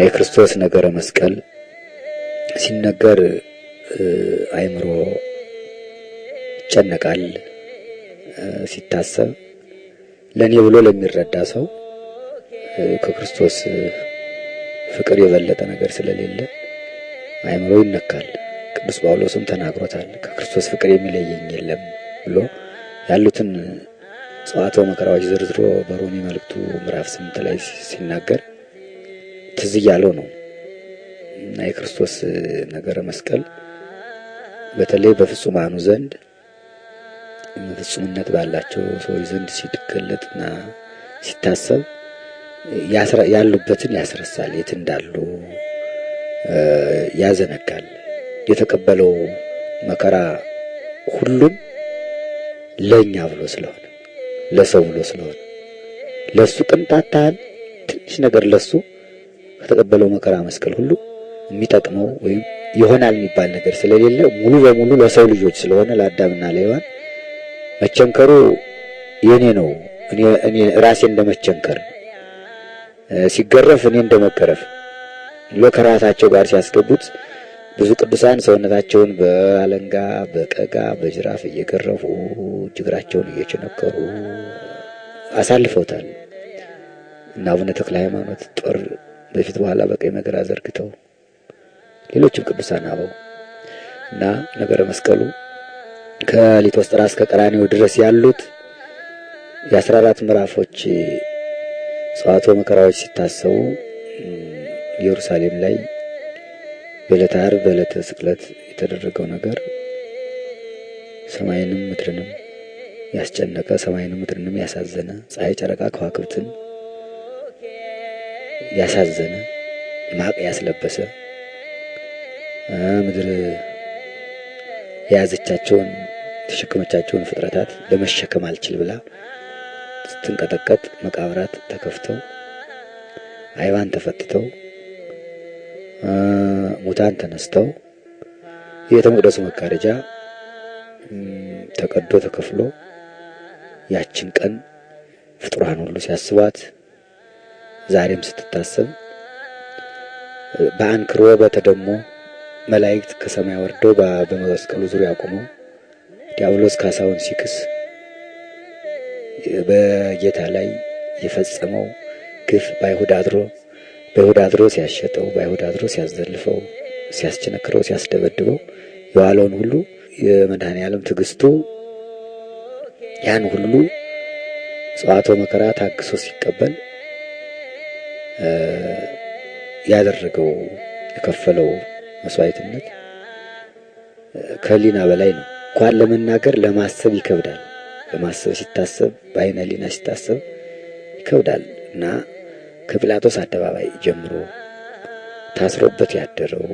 የክርስቶስ ነገረ መስቀል ሲነገር አይምሮ ይጨነቃል። ሲታሰብ ለእኔ ብሎ ለሚረዳ ሰው ከክርስቶስ ፍቅር የበለጠ ነገር ስለሌለ አእምሮ ይነካል። ቅዱስ ጳውሎስም ተናግሮታል። ከክርስቶስ ፍቅር የሚለየኝ የለም ብሎ ያሉትን ጸዋትወ መከራዎች ዝርዝሮ በሮሜ መልእክቱ ምዕራፍ ስምንት ላይ ሲናገር ትዝ እያለው ነው እና የክርስቶስ ነገረ መስቀል በተለይ በፍጹማኑ ዘንድ ፍጹምነት ባላቸው ሰዎች ዘንድ ሲገለጥና ሲታሰብ ያሉበትን ያስረሳል፣ የት እንዳሉ ያዘነጋል። የተቀበለው መከራ ሁሉም ለእኛ ብሎ ስለሆነ ለሰው ብሎ ስለሆነ ለእሱ ቅንጣት ያህል ትንሽ ነገር ለሱ? ከተቀበለው መከራ መስቀል ሁሉ የሚጠቅመው ወይም ይሆናል የሚባል ነገር ስለሌለ ሙሉ በሙሉ ለሰው ልጆች ስለሆነ ለአዳምና ለሔዋን መቸንከሩ የኔ ነው። እኔ ራሴ እንደመቸንከር ሲገረፍ እኔ እንደመገረፍ ብሎ ከራሳቸው ጋር ሲያስገቡት ብዙ ቅዱሳን ሰውነታቸውን በአለንጋ በቀጋ በጅራፍ እየገረፉ ጅግራቸውን እየቸነከሩ አሳልፈውታል እና አቡነ ተክለ ሃይማኖት ጦር በፊት በኋላ በቀኝ መግራ አዘርግተው ሌሎችም ቅዱሳን አበው እና ነገረ መስቀሉ ከሊቶስጥራ እስከ ቀራኒው ድረስ ያሉት የአስራ አራት ምዕራፎች ጸዋቶ መከራዎች ሲታሰቡ ኢየሩሳሌም ላይ በዕለተ ዓርብ በዕለተ ስቅለት የተደረገው ነገር ሰማይንም ምድርንም ያስጨነቀ ሰማይንም ምድርንም ያሳዘነ ፀሐይ፣ ጨረቃ ከዋክብትን ያሳዘነ ማቅ ያስለበሰ ምድር የያዘቻቸውን የተሸከመቻቸውን ፍጥረታት ለመሸከም አልችል ብላ ስትንቀጠቀጥ መቃብራት ተከፍተው አይባን ተፈትተው ሙታን ተነስተው የቤተ መቅደሱ መጋረጃ ተቀዶ ተከፍሎ ያችን ቀን ፍጡራን ሁሉ ሲያስቧት ዛሬም ስትታሰብ በአንክሮ በተደሞ መላእክት ከሰማይ ወርደው በመስቀሉ ዙሪያ ቆመው ዲያብሎስ ካሳውን ሲክስ በጌታ ላይ የፈጸመው ግፍ በአይሁድ አድሮ በይሁዳ አድሮ ሲያሸጠው በይሁዳ አድሮ ሲያዘልፈው ሲያስቸነክረው ሲያስደበድበው የዋለውን ሁሉ የመድኃኔ ዓለም ትዕግስቱ ያን ሁሉ ጸዋቶ መከራ ታግሶ ሲቀበል ያደረገው የከፈለው መስዋዕትነት ከህሊና በላይ ነው። እንኳን ለመናገር ለማሰብ ይከብዳል። ለማሰብ ሲታሰብ በአይነ ህሊና ሲታሰብ ይከብዳል እና ከጲላጦስ አደባባይ ጀምሮ ታስሮበት ያደረው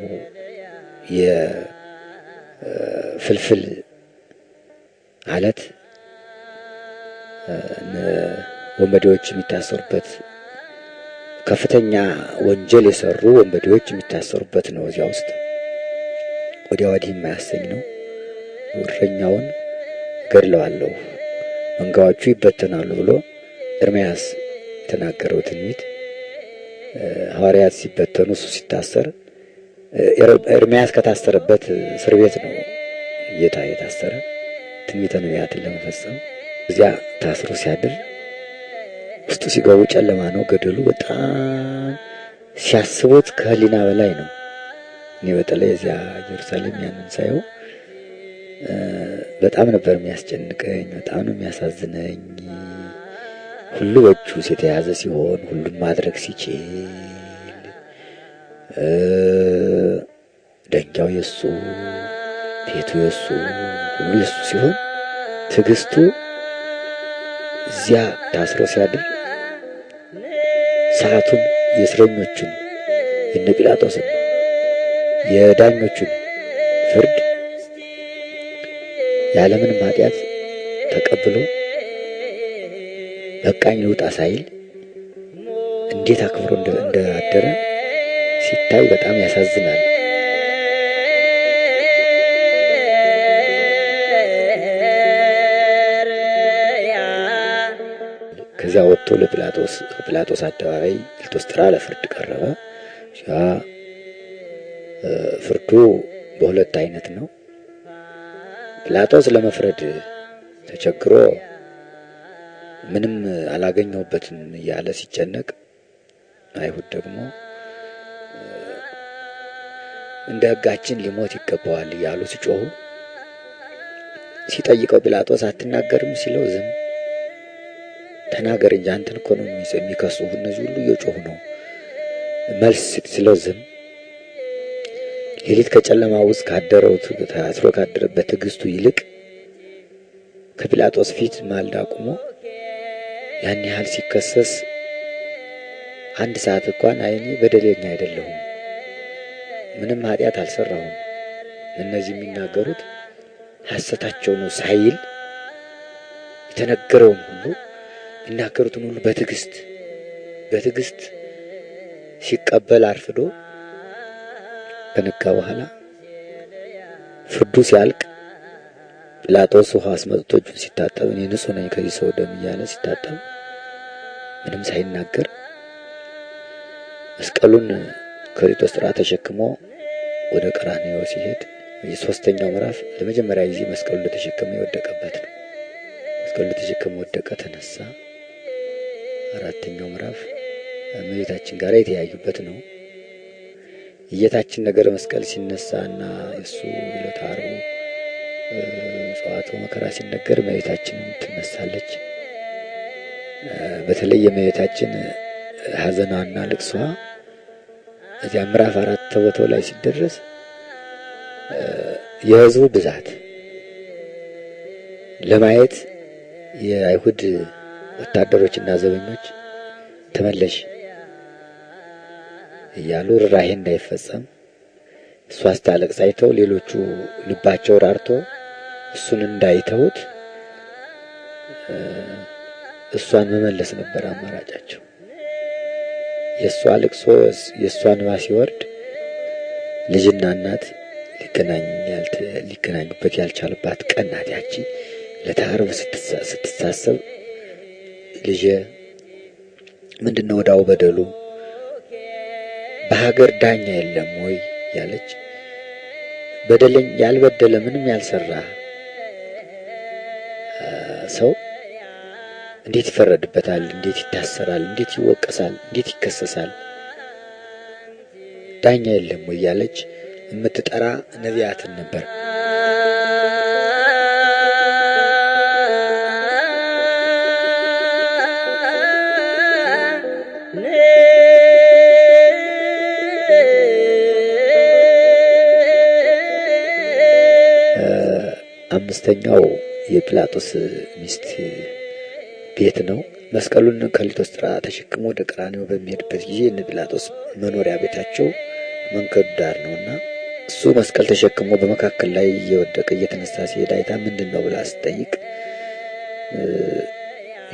የፍልፍል አለት ወንበዴዎች የሚታሰሩበት ከፍተኛ ወንጀል የሰሩ ወንበዴዎች የሚታሰሩበት ነው። እዚያ ውስጥ ወዲያ ወዲህ የማያሰኝ ነው። እረኛውን ገድለዋለሁ፣ መንጋዎቹ ይበተናሉ ብሎ ኤርምያስ የተናገረው ትንቢት ሐዋርያት ሲበተኑ እሱ ሲታሰር ኤርምያስ ከታሰረበት እስር ቤት ነው ጌታ የታሰረ ትንቢተ ነቢያትን ለመፈጸም እዚያ ታስሮ ሲያድር ውስጡ ሲገቡ ጨለማ ነው። ገደሉ በጣም ሲያስቡት ከህሊና በላይ ነው። እኔ በተለይ እዚያ ኢየሩሳሌም ያንን ሳየው በጣም ነበር የሚያስጨንቀኝ፣ በጣም ነው የሚያሳዝነኝ። ሁሉ በእጁስ የተያዘ ሲሆን ሁሉም ማድረግ ሲችል ደንጃው የሱ ቤቱ የሱ ሁሉ የሱ ሲሆን ትዕግስቱ እዚያ ታስሮ ሲያድር ሰዓቱን የእስረኞቹን የነ ጲላጦስን የዳኞቹን ፍርድ የዓለምንም ኃጢአት ተቀብሎ በቃኝ ልውጣ ሳይል እንዴት አክብሮ እንዳደረ ሲታይ በጣም ያሳዝናል። ከዚያ ወጥቶ ለጲላጦስ ጲላጦስ አደባባይ ሊቶስጥራ ለፍርድ ቀረበ። ፍርዱ በሁለት አይነት ነው። ጲላጦስ ለመፍረድ ተቸግሮ ምንም አላገኘሁበትም እያለ ሲጨነቅ፣ አይሁድ ደግሞ እንደ ሕጋችን ሊሞት ይገባዋል እያሉ ሲጮሁ፣ ሲጠይቀው ጲላጦስ አትናገርም ሲለው ዝም ተናገር እንጂ አንተን እኮ ነው የሚከሱህ። እነዚህ ሁሉ እየጮሁ ነው። መልስ ስለዝም ሌሊት ከጨለማ ውስጥ ካደረው ታስሮ ካደረ ትዕግስቱ ይልቅ ከጲላጦስ ፊት ማልዳ ቁሞ ያን ያህል ሲከሰስ አንድ ሰዓት እንኳን አይኔ በደለኛ አይደለሁም፣ ምንም ኃጢአት አልሰራሁም፣ እነዚህ የሚናገሩት ሐሰታቸው ነው ሳይል የተነገረውን ሁሉ የሚናገሩትን ሁሉ በትዕግስት በትዕግስት ሲቀበል አርፍዶ ከነጋ በኋላ ፍርዱ ሲያልቅ ጲላጦስ ውሃ አስመጥቶ እጁን ሲታጠብ እኔ ንጹሕ ነኝ ከዚህ ሰው ደም እያለ ሲታጠብ ምንም ሳይናገር መስቀሉን ጥራ ተሸክሞ ወደ ቀራንዮ ሲሄድ የሶስተኛው ምዕራፍ ለመጀመሪያ ጊዜ መስቀሉ እንደተሸከመ የወደቀበት ነው። መስቀሉ እንደተሸከመ ወደቀ፣ ተነሳ። አራተኛው ምዕራፍ እመቤታችን ጋር የተያዩበት ነው። የታችን ነገረ መስቀል ሲነሳና እሱ ዕለተ ዓርቡ መከራ ሲነገር እመቤታችን ትነሳለች። በተለይ የእመቤታችን ሐዘኗና ልቅሷ እዚያ ምዕራፍ አራት ተቦታው ላይ ሲደረስ የህዝቡ ብዛት ለማየት የአይሁድ ወታደሮችና ዘበኞች ተመለሽ እያሉ ርኅራኄ እንዳይፈጸም እሷ ስታለቅስ አይተው ሌሎቹ ልባቸው ራርቶ እሱን እንዳይተውት እሷን መመለስ ነበር አማራጫቸው። የእሷ ልቅሶ የእሷን እንባ ሲወርድ ልጅና እናት ሊገናኙበት ያልቻሉባት ቀናት ያቺ። ለተዓርብ ስትሳሰብ ልጄ ምንድን ነው ወዳው በደሉ? በሀገር ዳኛ የለም ወይ ያለች በደለኝ ያልበደለ ምንም ያልሰራ ሰው እንዴት ይፈረድበታል? እንዴት ይታሰራል? እንዴት ይወቀሳል? እንዴት ይከሰሳል? ዳኛ የለም ወይ ያለች የምትጠራ ነቢያትን ነበር። አምስተኛው የጲላጦስ ሚስት ቤት ነው። መስቀሉን ከሊቶስጥራ ተሸክሞ ወደ ቀራንዮ በሚሄድበት ጊዜ እነ ጲላጦስ መኖሪያ ቤታቸው መንገዱ ዳር እና እሱ መስቀል ተሸክሞ በመካከል ላይ እየወደቀ እየተነሳ ሲሄድ አይታ ምንድን ነው ብላ ስጠይቅ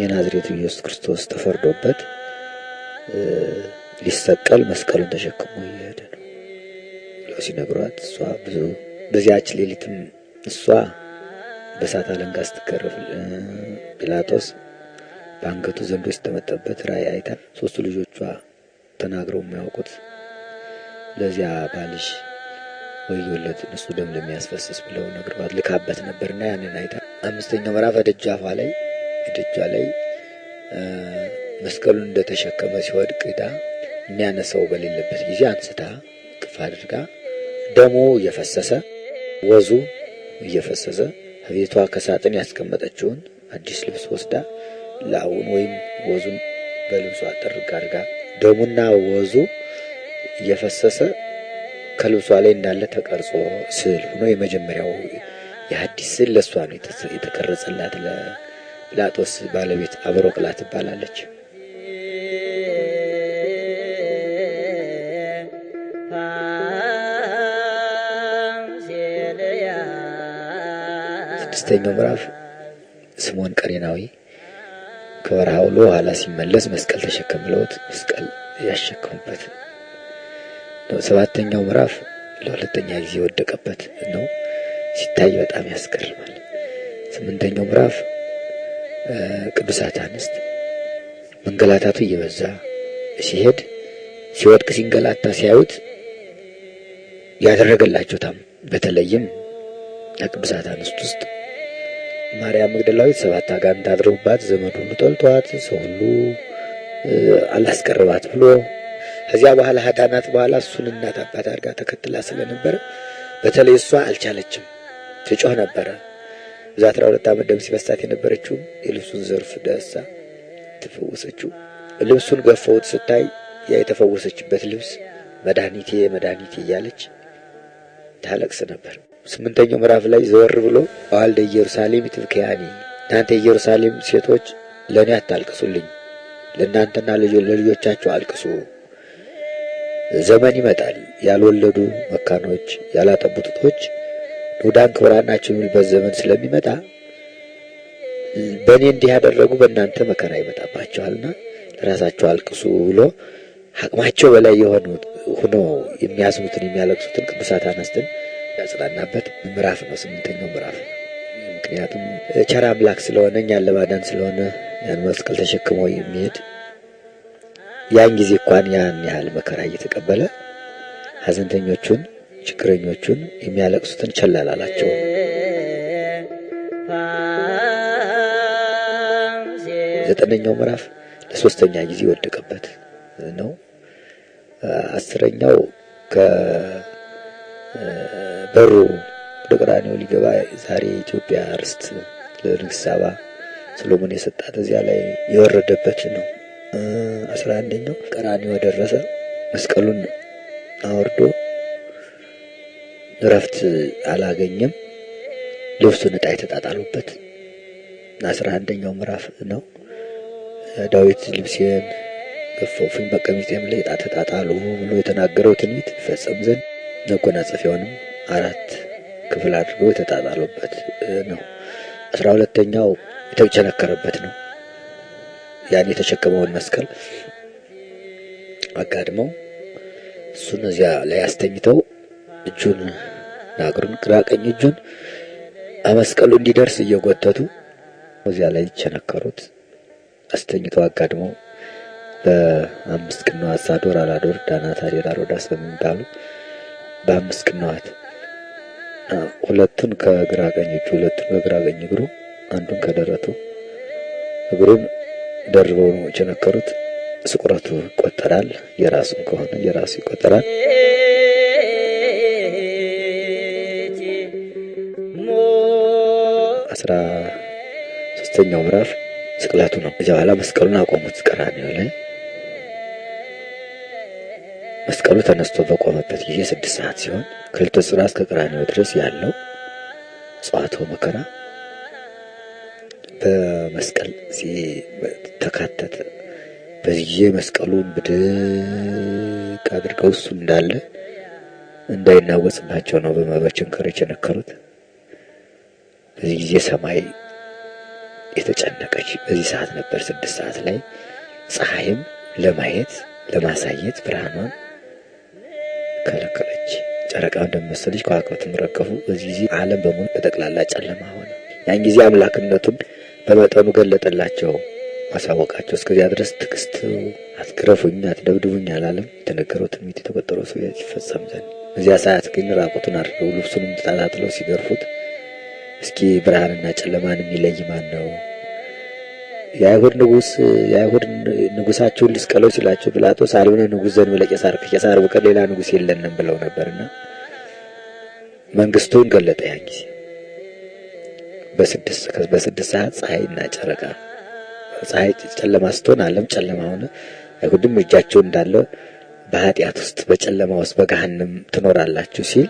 የናዝሬቱ ኢየሱስ ክርስቶስ ተፈርዶበት ሊሰቀል መስቀሉን ተሸክሞ እየሄደ ነው ብለው ሲነግሯት እሷ ብዙ በዚያች ሌሊትም እሷ በእሳት አለንጋ ስትገረፍ ጲላጦስ በአንገቱ ዘንዶ ሲጠመጠበት ራእይ አይታ ሶስቱ ልጆቿ ተናግረው የሚያውቁት ለዚያ ባልሽ ወዮለት ንጹሕ ደም ለሚያስፈስስ ብለው ነግረዋት ልካበት ነበርና ያንን አይታ አምስተኛው ምዕራፍ ደጃፏ ላይ ደጃ ላይ መስቀሉን እንደተሸከመ ሲወድቅ ዳ የሚያነሳው በሌለበት ጊዜ አንስታ ቅፍ አድርጋ ደሞ እየፈሰሰ ወዙ እየፈሰሰ እህቷ ከሳጥን ያስቀመጠችውን አዲስ ልብስ ወስዳ ላውን ወይም ወዙን በልብሱ አጠርግ አድርጋ ደሙና ወዙ እየፈሰሰ ከልብሷ ላይ እንዳለ ተቀርጾ ስዕል ሆኖ የመጀመሪያው የአዲስ ስዕል ለእሷ ነው የተቀረጸላት። ለጲላጦስ ባለቤት ቅላ ትባላለች። በአምስተኛው ምዕራፍ ስምዖን ቀሬናዊ ከበረሃ ውሎ ኋላ ሲመለስ መስቀል ተሸከምለውት መስቀል ያሸከሙበት ነው። ሰባተኛው ምዕራፍ ለሁለተኛ ጊዜ የወደቀበት ነው። ሲታይ በጣም ያስገርማል። ስምንተኛው ምዕራፍ ቅዱሳት አንስት መንገላታቱ እየበዛ ሲሄድ ሲወድቅ ሲንገላታ ሲያዩት ያደረገላቸው ታም በተለይም ከቅዱሳት አንስት ውስጥ ማርያም መግደላዊት ሰባት አጋንንት አድረውባት ዘመድ ሁሉ ጠልቷት ሰው ሁሉ አላስቀርባት ብሎ ከዚያ በኋላ ሀዳናት በኋላ እሱን እናት አባት አድርጋ ተከትላ ስለነበረ በተለይ እሷ አልቻለችም። ትጮህ ነበረ። እዛ አስራ ሁለት ዓመት ደም ሲፈሳት የነበረችው የልብሱን ዘርፍ ደሳ ተፈወሰችው። ልብሱን ገፈውት ስታይ ያ የተፈወሰችበት ልብስ መድኃኒቴ መድኃኒቴ እያለች ታለቅስ ነበር። ስምንተኛው ምዕራፍ ላይ ዘወር ብሎ አዋልደ ኢየሩሳሌም ትብክያኒ፣ እናንተ የኢየሩሳሌም ሴቶች ለእኔ አታልቅሱልኝ፣ ለእናንተና ለልጆቻችሁ አልቅሱ። ዘመን ይመጣል ያልወለዱ መካኖች፣ ያላጠቡ ጡቶች ንዑዳን ክቡራን ናቸው የሚልበት ዘመን ስለሚመጣ በእኔ እንዲህ ያደረጉ በእናንተ መከራ ይመጣባቸዋልና ለራሳቸው አልቅሱ ብሎ አቅማቸው በላይ የሆኑ ሁኖ የሚያስሙትን የሚያለቅሱትን ቅዱሳት አነስትን ያጽናናበት ምዕራፍ ነው፣ ስምንተኛው ምዕራፍ። ምክንያቱም ቸር አምላክ ስለሆነ እኛን ለማዳን ስለሆነ ያን መስቀል ተሸክሞ የሚሄድ ያን ጊዜ እንኳን ያን ያህል መከራ እየተቀበለ ሐዘንተኞቹን፣ ችግረኞቹን፣ የሚያለቅሱትን ቸላላላቸው ዘጠነኛው ምዕራፍ ለሶስተኛ ጊዜ ወደቀበት ነው። አስረኛው ከ በሩ ወደ ቀራንዮ ሊገባ ዛሬ የኢትዮጵያ እርስት ለንግሥት ሳባ ሰሎሞን የሰጣት እዚያ ላይ የወረደበት ነው። አስራ አንደኛው ቀራንዮ ደረሰ። መስቀሉን አወርዶ እረፍት አላገኘም። ልብሱን እጣ የተጣጣሉበት አስራ አንደኛው ምዕራፍ ነው። ዳዊት ልብሴን ገፈፉኝ፣ በቀሚሴም ላይ ዕጣ ተጣጣሉ ብሎ የተናገረው ትንቢት ይፈጸም ዘንድ መጎናጸፊያውንም አራት ክፍል አድርገው የተጣጣሉበት ነው። አስራ ሁለተኛው የተቸነከረበት ነው። ያን የተሸከመውን መስቀል አጋድመው እሱን እዚያ ላይ አስተኝተው እጁን ናግሩን ግራ ቀኝ እጁን መስቀሉ እንዲደርስ እየጎተቱ እዚያ ላይ ይቸነከሩት አስተኝተው አጋድመው በአምስት ቅንዋት ሳዶር አላዶር ዳናት አዴራ ሮዳስ በሚባሉ በአምስት ቅንዋት ሁለቱን ከግራ ቀኝ እጁ ሁለቱን ከግራ ቀኝ እግሩ አንዱን ከደረቱ እግሩን ደርበው ነው የቸነከሩት። ስቁረቱ ይቆጠራል። የራሱን ከሆነ የራሱ ይቆጠራል። አስራ ሶስተኛው ምዕራፍ ስቅለቱ ነው። እዚያ በኋላ መስቀሉን አቆሙት ቀራንዮ ላይ መስቀሉ ተነስቶ በቆመበት ጊዜ ስድስት ሰዓት ሲሆን ከልተ ጽርሐ እስከ ድረስ ያለው ጽዋቶ መከራ በመስቀል ተካተተ። በዚህ መስቀሉ ብድቅ አድርገው እሱ እንዳለ እንዳይናወጽባቸው ነው በመበችንከር የቸነከሩት። በዚህ ጊዜ ሰማይ የተጨነቀች በዚህ ሰዓት ነበር። ስድስት ሰዓት ላይ ፀሐይም ለማየት ለማሳየት ብርሃኗን ከለከለች። ጨረቃ እንደመሰለች ከዋክብትም ረገፉ። በዚህ ጊዜ ዓለም በሙሉ በጠቅላላ ጨለማ ሆነ። ያን ጊዜ አምላክነቱን በመጠኑ ገለጠላቸው፣ ማሳወቃቸው። እስከዚያ ድረስ ትዕግስት አትግረፉኝ፣ አትደብድቡኝ አላለም። የተነገረው ትንቢት የተቆጠረው ሰው ይፈጸም ዘንድ እዚያ ሰዓት ግን ራቁቱን አድርገው ልብሱንም ተጣጣጥለው ሲገርፉት እስኪ ብርሃንና ጨለማን የሚለይ ማን ነው? የአይሁድ ንጉስ የአይሁድ ንጉሳቸውን ልስቀለው ሲላቸው ጲላጦስ አልሆነ ንጉስ ዘንበለ ቄሳር ከቄሳር በቀር ሌላ ንጉስ የለንም ብለው ነበርና መንግስቱን ገለጠ። ያን ጊዜ በስድስት ሰዓት ፀሐይና ጨረቃ ፀሐይ ጨለማ ስትሆን ዓለም ጨለማ ሆነ። አይሁድም እጃቸው እንዳለ በኃጢአት ውስጥ በጨለማ ውስጥ በገሃንም ትኖራላችሁ ሲል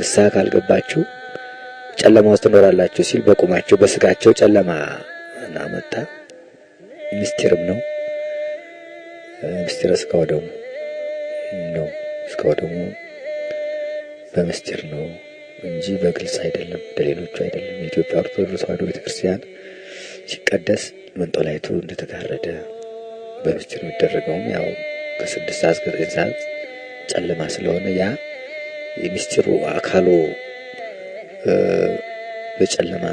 ንስሐ ካልገባችሁ ጨለማ ውስጥ ትኖራላችሁ ሲል በቁማቸው በስጋቸው ጨለማ እና መጣ። ምስጢርም ነው። ምስጢረ ስጋ ወደሙ ነው። ስጋ ወደሙ በምስጢር ነው እንጂ በግልጽ አይደለም፣ እንደሌሎቹ አይደለም። የኢትዮጵያ ኦርቶዶክስ ተዋሕዶ ቤተክርስቲያን ሲቀደስ መንጦላይቱ እንደተጋረደ በምስጢር የሚደረገውም ያው ከስድስት ሰዓት እስከ ዘጠኝ ሰዓት ጨለማ ስለሆነ ያ የሚስጢሩ አካሉ በጨለማ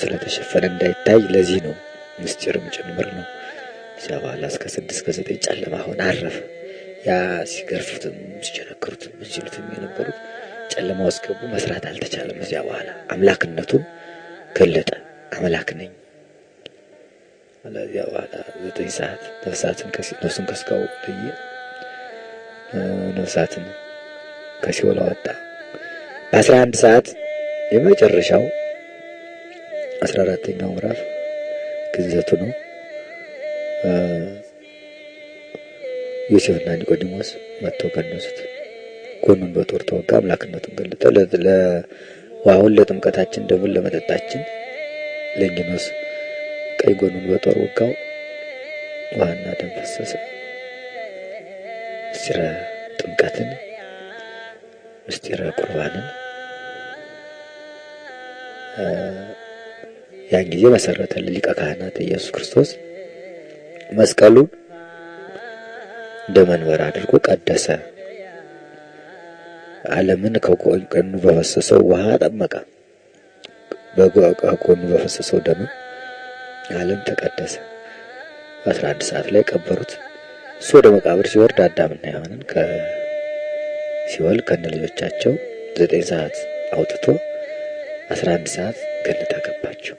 ስለተሸፈነ እንዳይታይ ለዚህ ነው ምስጢርም ጭምር ነው። እዚያ በኋላ እስከ ስድስት ከዘጠኝ ጨለማ ሆነ አረፈ። ያ ሲገርፉትም ሲቸነክሩትም ሲሉትም የነበሩት ጨለማ ውስጥ ገቡ። መስራት አልተቻለም። እዚያ በኋላ አምላክነቱን ገለጠ። አምላክ ነኝ። አለዚያ በኋላ ዘጠኝ ሰዓት ነፍሳትን ነፍሱን ከስጋው ለየ። ነፍሳትን ከሲኦል አወጣ። በአስራ አንድ ሰዓት የመጨረሻው አስራ አራተኛው ምዕራፍ ግዘቱ ነው። ዮሴፍና ኒቆዲሞስ መጥተው ቀነሱት። ጎኑን በጦር ተወጋ፣ አምላክነቱን ገለጠ። አሁን ለጥምቀታችን፣ ደሙን ለመጠጣችን። ለእንጊኖስ ቀኝ ጎኑን በጦር ወጋው፣ ውሃና ደም ፈሰሰ። ምስጢረ ጥምቀትን፣ ምስጢረ ቁርባንን ያን ጊዜ መሰረተልን ሊቀ ካህናት ኢየሱስ ክርስቶስ መስቀሉን እንደ መንበር አድርጎ ቀደሰ። ዓለምን ከጎኑ በፈሰሰው ውሃ ጠመቀ። ከጎኑ በፈሰሰው ደም ዓለም ተቀደሰ። አስራ አንድ ሰዓት ላይ ቀበሩት። እሱ ወደ መቃብር ሲወርድ አዳምና ሔዋንን ሲወል ከነ ልጆቻቸው ዘጠኝ ሰዓት አውጥቶ አስራ አንድ ሰዓት ገነት አገባቸው።